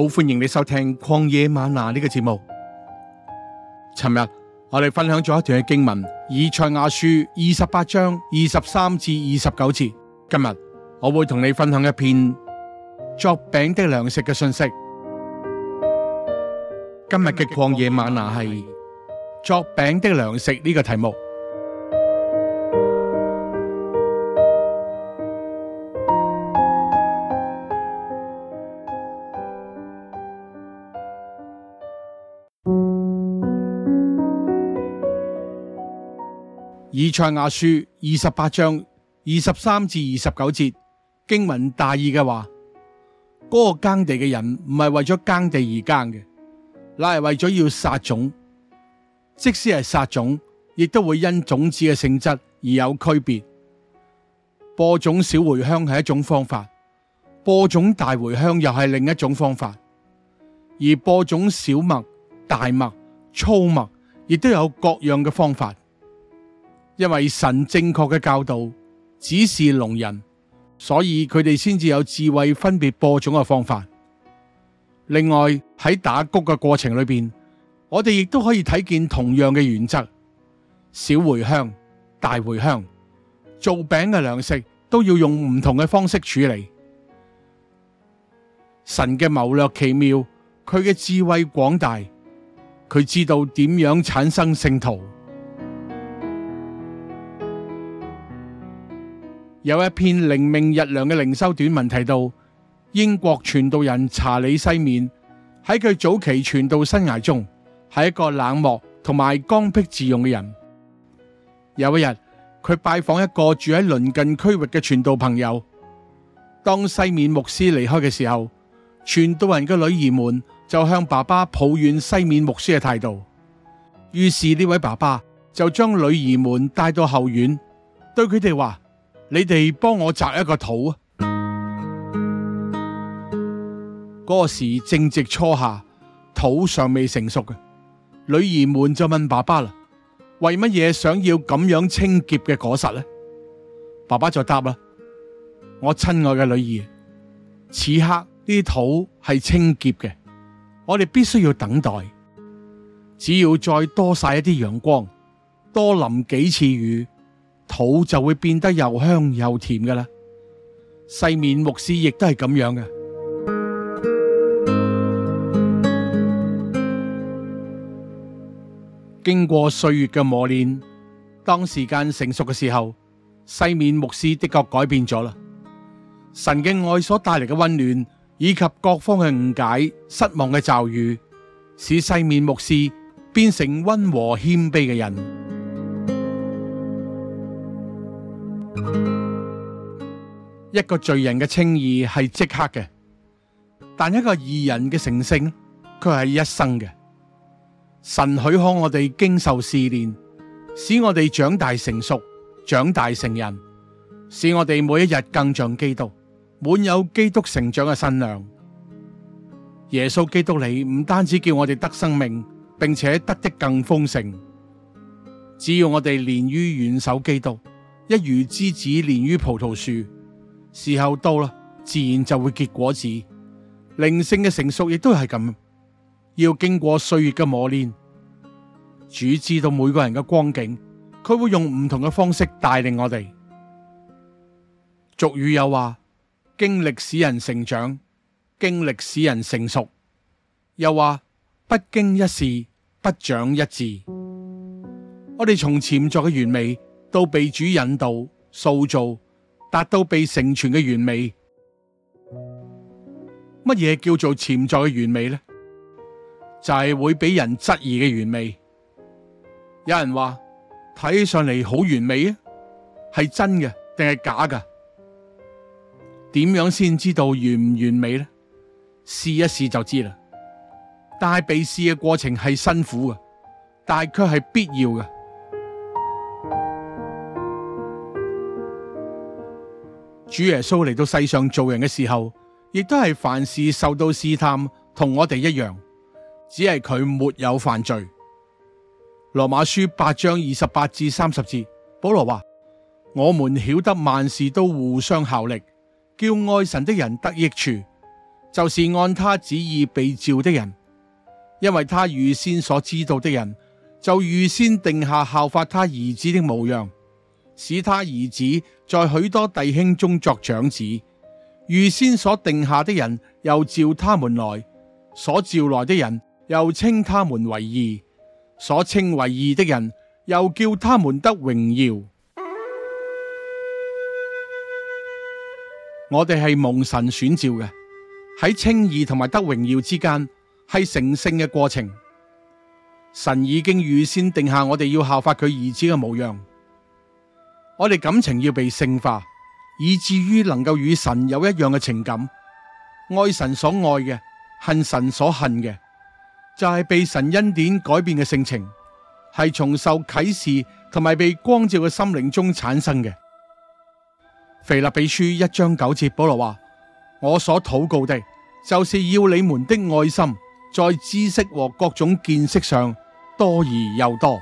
好歡迎你收聽曠野嗎哪呢個節目。尋日我哋分享咗一段嘅經文，以賽亞書二十八章二十三至二十九節。今日我會同你分享一篇作餅的糧食嘅信息。今日嘅曠野嗎哪係作餅的糧食呢個題目。以賽亞書二十八章二十三至二十九節經文大意嘅話，嗰個耕地嘅人唔係為咗耕地而耕嘅，乃係為咗要撒種。即使係撒種，亦都會因種子嘅性質而有區別。播種小茴香係一種方法，播種大茴香又係另一種方法。而播種小麥、大麥、粗麥，亦都有各樣嘅方法。因為神正確嘅教導指示農人，所以佢哋先至有智慧分別播種嘅方法。另外喺打穀嘅過程裏邊，我哋亦都可以睇見同樣嘅原則：小茴香、大茴香、做餅嘅糧食都要用唔同嘅方式處理。神嘅謀略奇妙，佢嘅智慧廣大，佢知道點樣產生聖徒。有一篇靈命日糧嘅靈修短文提到，英國傳道人查理西面喺佢早期傳道生涯中係一個冷漠同埋剛愎自用嘅人。有一日，佢拜訪一個住喺鄰近區域嘅傳道朋友。當西面牧師離開嘅時候，傳道人嘅女兒們就向爸爸抱怨西面牧師嘅態度。於是呢位爸爸就將女兒們帶到後院，對佢哋話。你哋幫我摘一個土啊！嗰、那個時正值初夏，土尚未成熟嘅。女兒們就問爸爸啦：為乜嘢想要咁樣清潔嘅果實咧？爸爸就答啦：我親愛嘅女兒，此刻呢啲土係清潔嘅，我哋必須要等待，只要再多晒一啲陽光，多淋幾次雨。土就會變得又香又甜噶啦。世面牧師亦都係咁樣嘅。經過歲月嘅磨練，當時間成熟嘅時候，世面牧師的確改變咗啦。神嘅愛所帶嚟嘅溫暖，以及各方嘅誤解、失望嘅咒語，使世面牧師變成溫和謙卑嘅人。一個罪人嘅稱義係即刻嘅，但一個義人嘅成聖佢係一生嘅。神許可我哋經受試煉，使我哋長大成熟，長大成人，使我哋每一日更像基督，滿有基督成長嘅身量。耶穌基督嚟唔單止叫我哋得生命，並且得的更豐盛。只要我哋連於元首基督，一如枝子連於葡萄樹。時候到啦，自然就會結果子。靈性嘅成熟亦都係咁，要經過歲月嘅磨練，主知道每個人嘅光景，佢會用唔同嘅方式帶領我哋。俗語又話：經歷使人成長，經歷使人成熟。又話：「不經一事，不長一智」。我哋從潛作嘅完美到被主引導塑造。達到被成全嘅完美。乜嘢叫做潛在嘅完美咧？就係會俾人質疑嘅完美。有人話睇起上嚟好完美啊，係真嘅定係假噶？點樣先知道完唔完美咧？試一試就知啦。但係被試嘅過程係辛苦嘅，但係佢係必要嘅。主耶穌嚟到世上做人嘅時候，亦都係凡事受到試探，同我哋一樣，只係佢沒有犯罪。羅馬書八章二十八至三十節，保羅話：我們曉得萬事都互相效力，叫愛神的人得益處，就是按他旨意被召的人，因為他預先所知道的人，就預先定下效法他兒子的模樣。使他兒子在許多弟兄中作長子，預先所定下的人又召他們來，所召來的人又稱他們為義，所稱為義的人又叫他們得榮耀。 我哋係蒙神選召嘅，喺稱義同埋得榮耀之間係成聖嘅過程。神已經預先定下我哋要效法佢兒子嘅模樣。我哋感情要被聖化，以至於能夠與神有一樣嘅情感，愛神所愛嘅，恨神所恨嘅，就係被神恩典改變嘅性情，係從受啟示同埋被光照嘅心靈中產生嘅。腓立比書一章九節，保羅話：我所禱告的，就是要你們的愛心在知識和各種見識上多而又多。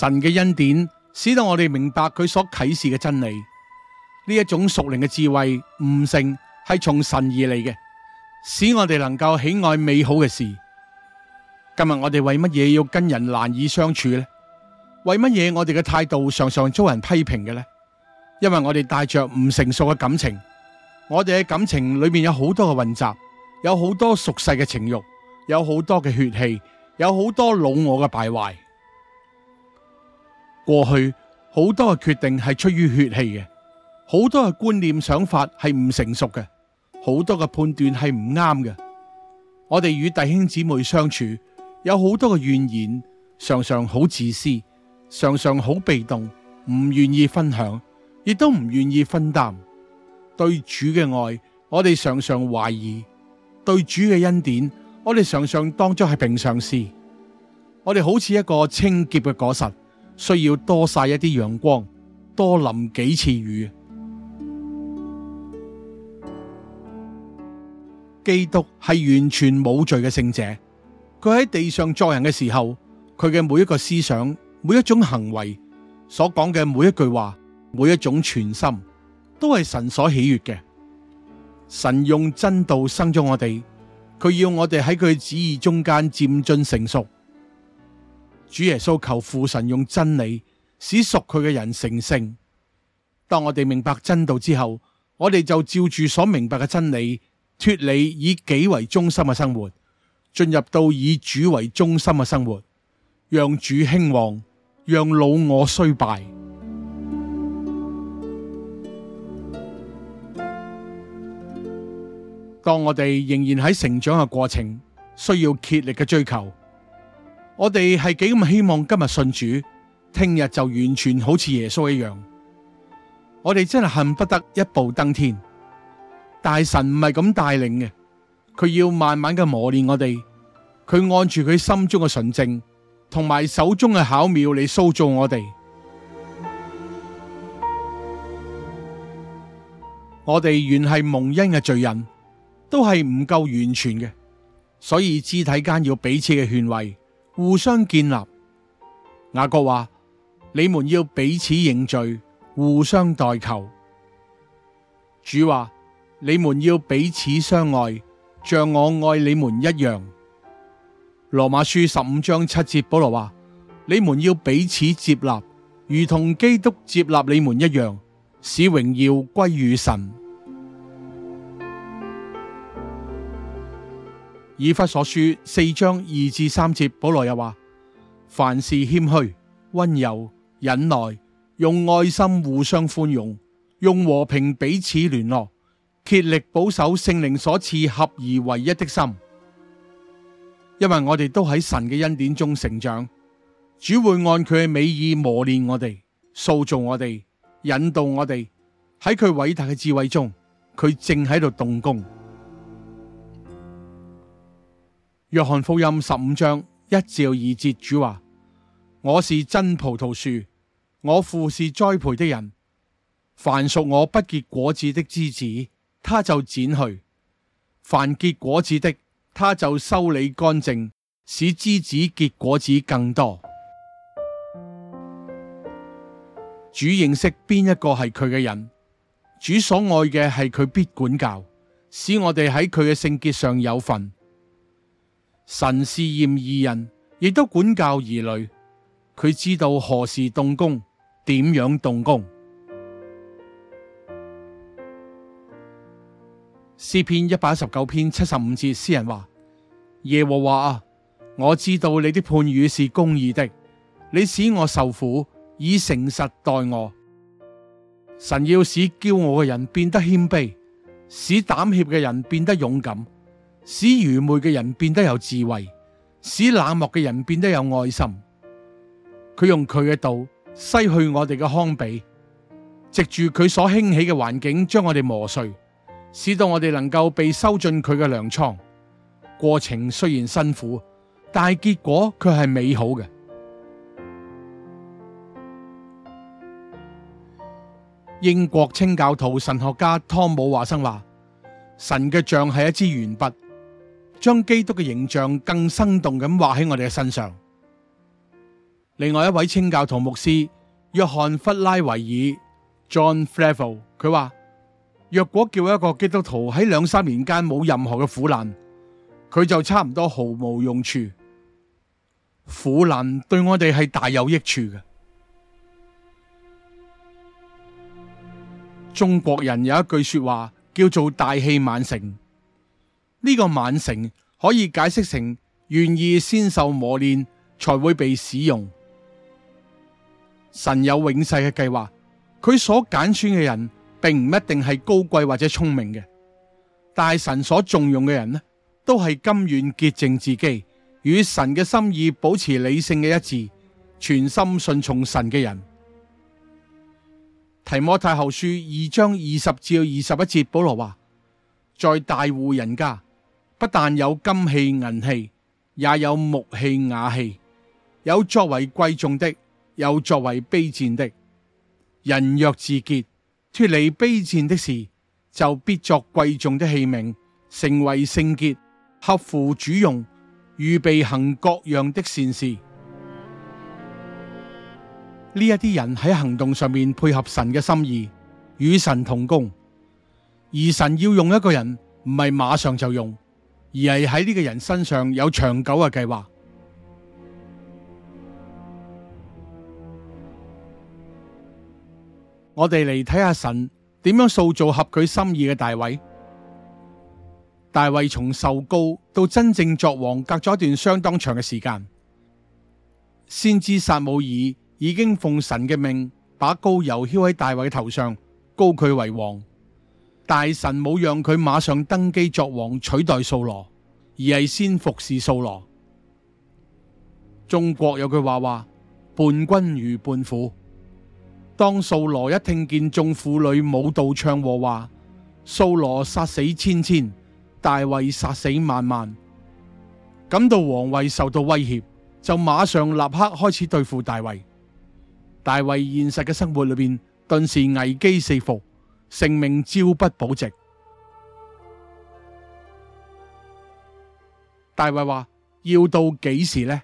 神嘅恩典使到我哋明白佢所啟示嘅真理，呢一種屬靈嘅智慧悟性係從神而嚟嘅，使我哋能夠喜愛美好嘅事。今日我哋為乜嘢要跟人難以相處呢？為乜嘢我哋嘅態度常常遭人批評嘅呢？因為我哋帶着唔成熟嘅感情，我哋嘅感情裏面有好多嘅混雜，有好多俗世嘅情慾，有好多嘅血氣，有好多老我嘅敗壞。過去好多嘅決定係出於血氣嘅，好多嘅觀念想法係唔成熟嘅，好多嘅判斷係唔啱嘅。我哋與弟兄姊妹相處有好多嘅怨言，常常好自私，常常好被動，唔願意分享，亦都唔願意分擔。對主嘅愛，我哋常常懷疑；對主嘅恩典，我哋常常當作係平常事。我哋好似一個清潔嘅果實。需要多曬一啲陽光，多淋幾次雨。基督係完全冇罪嘅聖者，佢喺地上作人嘅時候，佢嘅每一個思想、每一種行為、所講嘅每一句話、每一種全心，都係神所喜悅嘅。神用真道生咗我哋，佢要我哋喺佢旨意中間漸進成熟。主耶穌求父神用真理使屬佢嘅人成聖。當我哋明白真道之後，我哋就照住所明白嘅真理，脫離以己為中心嘅生活，進入到以主為中心嘅生活，讓主興旺，讓老我衰敗。當我哋仍然喺成長嘅過程，需要竭力嘅追求。我哋係幾咁希望今日信主，聽日就完全好似耶穌一樣。我哋真係恨不得一步登天，大神唔係咁帶領嘅，佢要慢慢嘅磨練我哋。佢按住佢心中嘅純正，同埋手中嘅巧妙嚟塑造我哋。我哋原係蒙恩嘅罪人，都係唔夠完全嘅，所以肢體間要彼此嘅勸慰，互相建立，雅各話：你們要彼此認罪，互相代求。主話：你們要彼此相愛，像我愛你們一樣。羅馬書十五章七節，保羅話：你們要彼此接納，如同基督接納你們一樣，使榮耀歸于神。以弗所書四章二至三節，保羅又話：凡事謙虛、溫柔、忍耐，用愛心互相寬容，用和平彼此聯絡，竭力保守聖靈所賜合而為一的心。因為我哋都喺神嘅恩典中成長，主會按佢嘅美意磨練我哋、塑造我哋、引導我哋。喺佢偉大嘅智慧中，佢正喺度動工。約翰福音十五章一至二節，主話：我是真葡萄樹，我父是栽培的人。凡屬我不結果子的枝子，他就剪去；凡結果子的，他就修理乾淨，使枝子結果子更多。主認識邊一個係佢嘅人，主所愛嘅係佢必管教，使我哋喺佢嘅聖潔上有份。神是驗義人，亦都管教兒女。佢知道何時動工，點樣動工。詩篇一百一十九篇七十五節，詩人話：耶和華啊，我知道你的判語是公義的，你使我受苦，以誠實待我。神要使驕傲嘅人變得謙卑，使膽怯嘅人變得勇敢。使愚昧嘅人變得有智慧，使冷漠嘅人變得有愛心。佢用佢嘅道，篩去我哋嘅糠秕，藉住佢所興起嘅環境，將我哋磨碎，使到我哋能夠被收進佢嘅糧倉。過程雖然辛苦，但係結果佢係美好嘅。英國清教徒神學家湯姆華生話：神嘅像係一支鉛筆。將基督嘅形象更生動咁畫喺我哋嘅身上。另外一位清教徒牧師約翰弗拉維爾 （John Flavel） 佢話：若果叫一個基督徒喺兩三年間冇任何嘅苦難，佢就差唔多毫無用處。苦難對我哋係大有益處嘅。中國人有一句說話叫做大器晚成。呢個晚成可以解釋成願意先受磨練才會被使用。神有永世嘅計劃，佢所揀選嘅人並唔一定係高貴或者聰明嘅，但係神所重用嘅人呢，都係甘願潔淨自己，與神嘅心意保持理性嘅一致，全心信從神嘅人。提摩太後書二章二十至二十一節，保羅話：在大戶人家。不但有金器銀器，也有木器瓦器，有作為貴重的，有作為卑賤的。人若自潔，脫離卑賤的事，就必作貴重的器皿，成為聖潔，合乎主用，預備行各樣的善事。呢一啲人喺行動上面配合神嘅心意，與神同工。而神要用一個人，唔係馬上就用。而係喺呢個人身上有長久嘅計劃。我哋嚟睇下神點樣塑造合佢心意嘅大衛。大衛從受膏到真正作王，隔咗一段相當長嘅時間。先知撒母耳已經奉神嘅命，把膏油澆喺大衛嘅頭上，膏佢為王。大臣冇讓佢馬上登基作王取代掃羅，而係先服侍掃羅。中國有句話話：伴君如伴虎。當掃羅一聽見眾婦女舞蹈唱和話，掃羅殺死千千，大衛殺死萬萬，感到皇位受到威脅，就馬上立刻開始對付大衛。大衛現實嘅生活裏邊頓時危機四伏。性命朝不保夕。大衛話：要到幾時呢？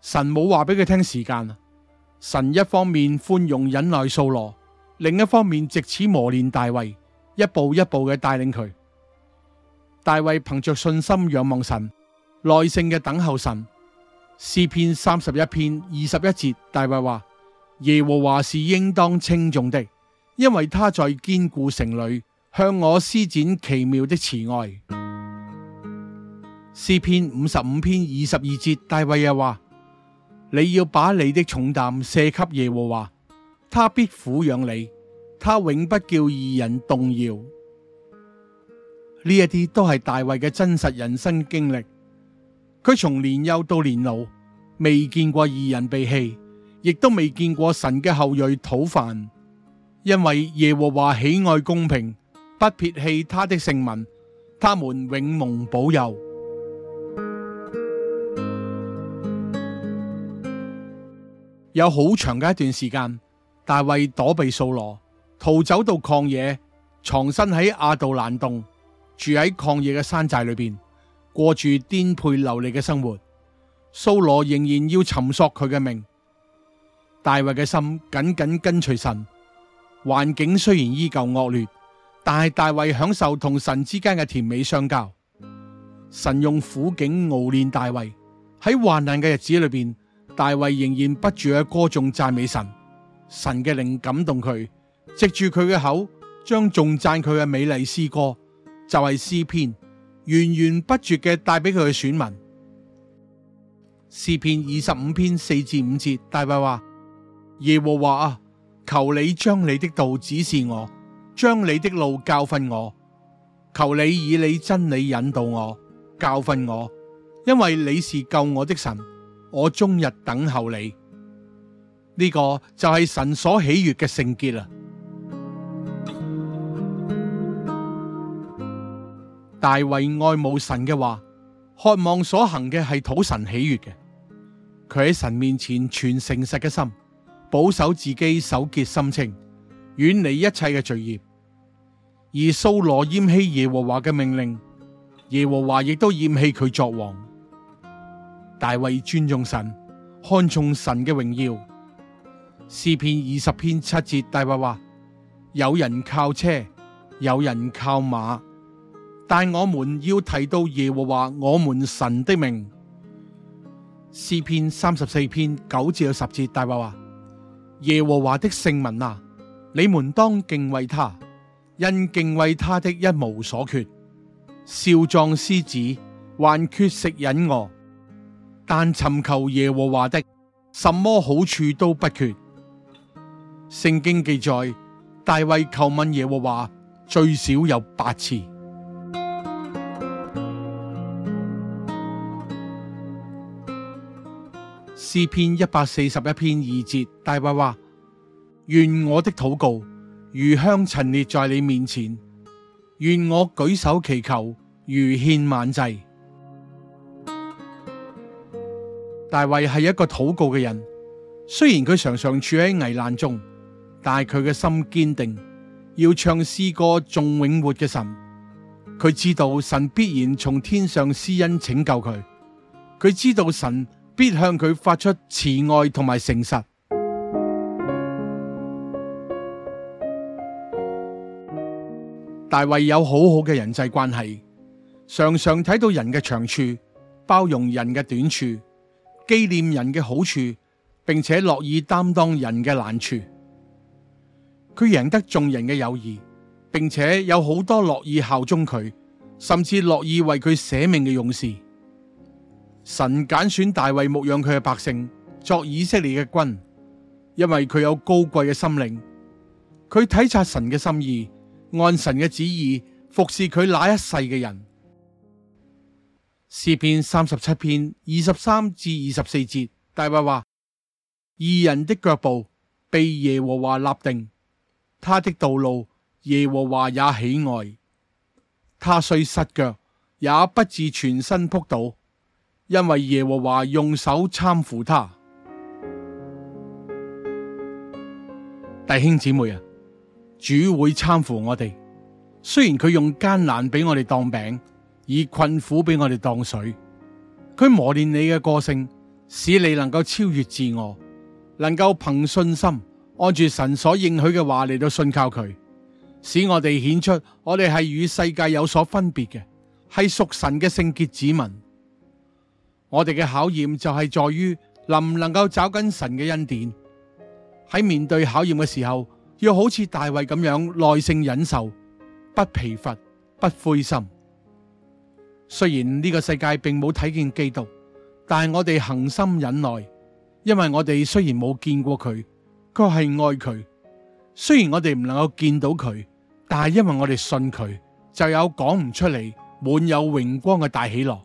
神冇話俾佢聽時間啊！神一方面寬容忍耐掃羅，另一方面借此磨練大衛，一步一步嘅帶領佢。大衛憑着信心仰望神，耐性嘅等候神。詩篇三十一篇二十一節，大衛話：耶和華是應當稱頌的。因為他在堅固城裏向我施展奇妙的慈愛。詩篇五十五篇二十二節，大衛又話：你要把你的重擔卸給耶和華，他必撫養你，他永不叫義人動搖。呢一啲都係大衛嘅真實人生經歷。佢從年幼到年老，未見過義人被棄，亦都未見過神嘅後裔討飯。因為耶和華喜愛公平，不撇棄他的聖民，他們永蒙保佑。 有好長嘅一段時間，大衛躲避掃羅，逃走到曠野，藏身喺亞杜蘭洞，住喺曠野嘅山寨裏邊，過住顛沛流離嘅生活。掃羅仍然要尋索佢嘅命，大衛嘅心緊緊跟隨神。環境雖然依舊惡劣，但係大衛享受同神之間嘅甜美相交。神用苦境熬練大衛，喺患難嘅日子裏邊，大衛仍然不住嘅歌頌讚美神。神嘅靈感動佢，藉住佢嘅口，將頌讚佢嘅美麗詩歌，就係詩篇，源源不絕嘅帶俾佢嘅選民。詩篇二十五篇四至五節，大衛話：耶和華啊！求你將你的道指示我，將你的路教訓我。求你以你真理引導我，教訓我，因為你是救我的神。我終日等候你。呢、這個就係神所喜悅嘅聖潔啊！大衛愛慕神嘅話，渴望所行嘅係討神喜悅嘅，佢喺神面前全誠實嘅心。保守自己，手潔心清，遠離一切嘅罪孽。而掃羅厭棄耶和華嘅命令，耶和華亦都厭棄佢作王。大衛尊重神，看重神嘅榮耀。詩篇二十篇七節大話話：有人靠車，有人靠馬，但我們要提到耶和華，我們神的名。詩篇三十四篇九至十節大話話。耶和華的聖民啊，你們當敬畏他，因敬畏他的一無所缺。少壯獅子還缺食忍餓，但尋求耶和華的，什麼好處都不缺。聖經記載，大衛求問耶和華最少有八次。詩篇一百四十一篇二節，大衛話：願我的禱告如香陳列在你面前，願我舉手祈求如獻晚祭。大衛係一個禱告嘅人，雖然佢常常處喺危難中，但係佢嘅心堅定，要唱詩歌頌永活嘅神。佢知道神必然從天上施恩拯救佢，佢知道神，必向佢發出慈愛同埋誠實。大衛有好好嘅人際關係，常常睇到人嘅長處，包容人嘅短處，紀念人嘅好處，並且樂意擔當人嘅難處。佢贏得眾人嘅友誼，並且有好多樂意效忠佢，甚至樂意為佢捨命嘅勇士。神揀選大衛牧養佢嘅百姓作以色列嘅君，因為佢有高貴嘅心靈。佢體察神嘅心意，按神嘅旨意服侍佢那一世嘅人。詩篇三十七篇二十三至二十四節，大衛話：義人的腳步被耶和華立定，他的道路耶和華也喜愛。他雖失腳，也不至全身仆倒。因為耶和華用手攙扶他，弟兄姊妹啊，主會攙扶我哋。雖然佢用艱難俾我哋當餅，以困苦俾我哋當水，佢磨練你嘅個性，使你能夠超越自我，能夠憑信心按住神所應許嘅話嚟到信靠佢，使我哋顯出我哋係與世界有所分別嘅，係屬神嘅聖潔子民。我哋嘅考驗就係在於能唔能夠找緊神嘅恩典，喺面對考驗嘅時候，要好似大衛咁樣耐性忍受，不疲乏，不灰心。雖然呢個世界並冇睇見基督，但係我哋恒心忍耐，因為我哋雖然冇見過佢，卻係愛佢。雖然我哋唔能夠見到佢，但係因為我哋信佢，就有講唔出嚟滿有榮光嘅大喜樂。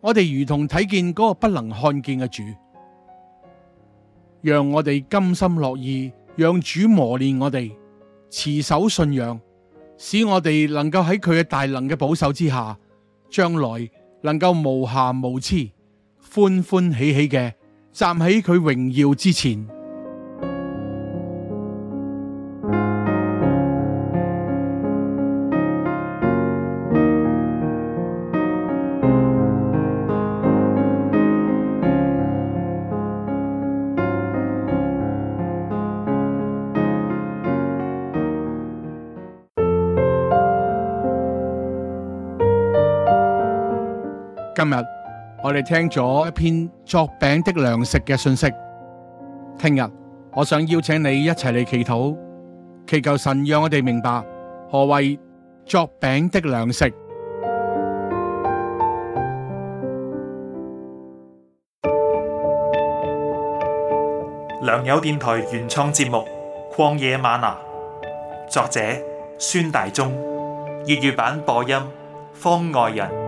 我哋如同睇見嗰個不能看見嘅主，讓我哋甘心樂意，讓主磨練我哋，持守信仰，使我哋能夠喺佢嘅大能嘅保守之下，將來能夠無瑕無疵，歡歡喜喜嘅站喺佢榮耀之前。我哋聽咗一篇作餅的糧食嘅信息，聽日我想邀請你一齊嚟祈禱，祈求神讓我哋明白何謂作餅的糧食。良友電台原創節目《曠野嗎哪》，作者孫大中，粵語版播音方外人。